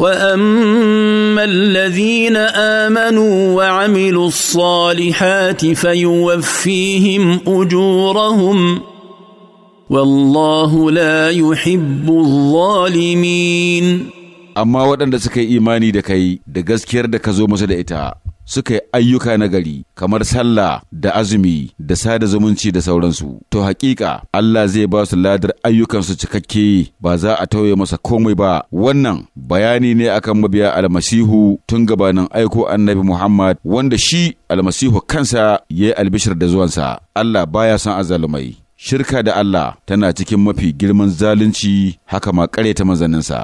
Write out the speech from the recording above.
واما الذين امنوا وعملوا الصالحات فيوفيهم اجورهم والله لا يحب الظالمين amma waɗanda suka yi imani da kai da gaskiyar da ka zo musu da ita suka yi ayyuka na gari kamar sallah da azumi da sada zumunci da sauransu to hakika Allah zai ba su ladar ayyukansu cikakke ba za a tauye masa komai ba wannan bayani ne akan mabiya almasihu tun gabanin aiko annabi Muhammad wanda shi almasihu kansa ya yi albishir da zuwansa Allah baya son azalumai shirka da Allah tana cikin mafi girman zalunci haka ma ƙare ta manzanninsa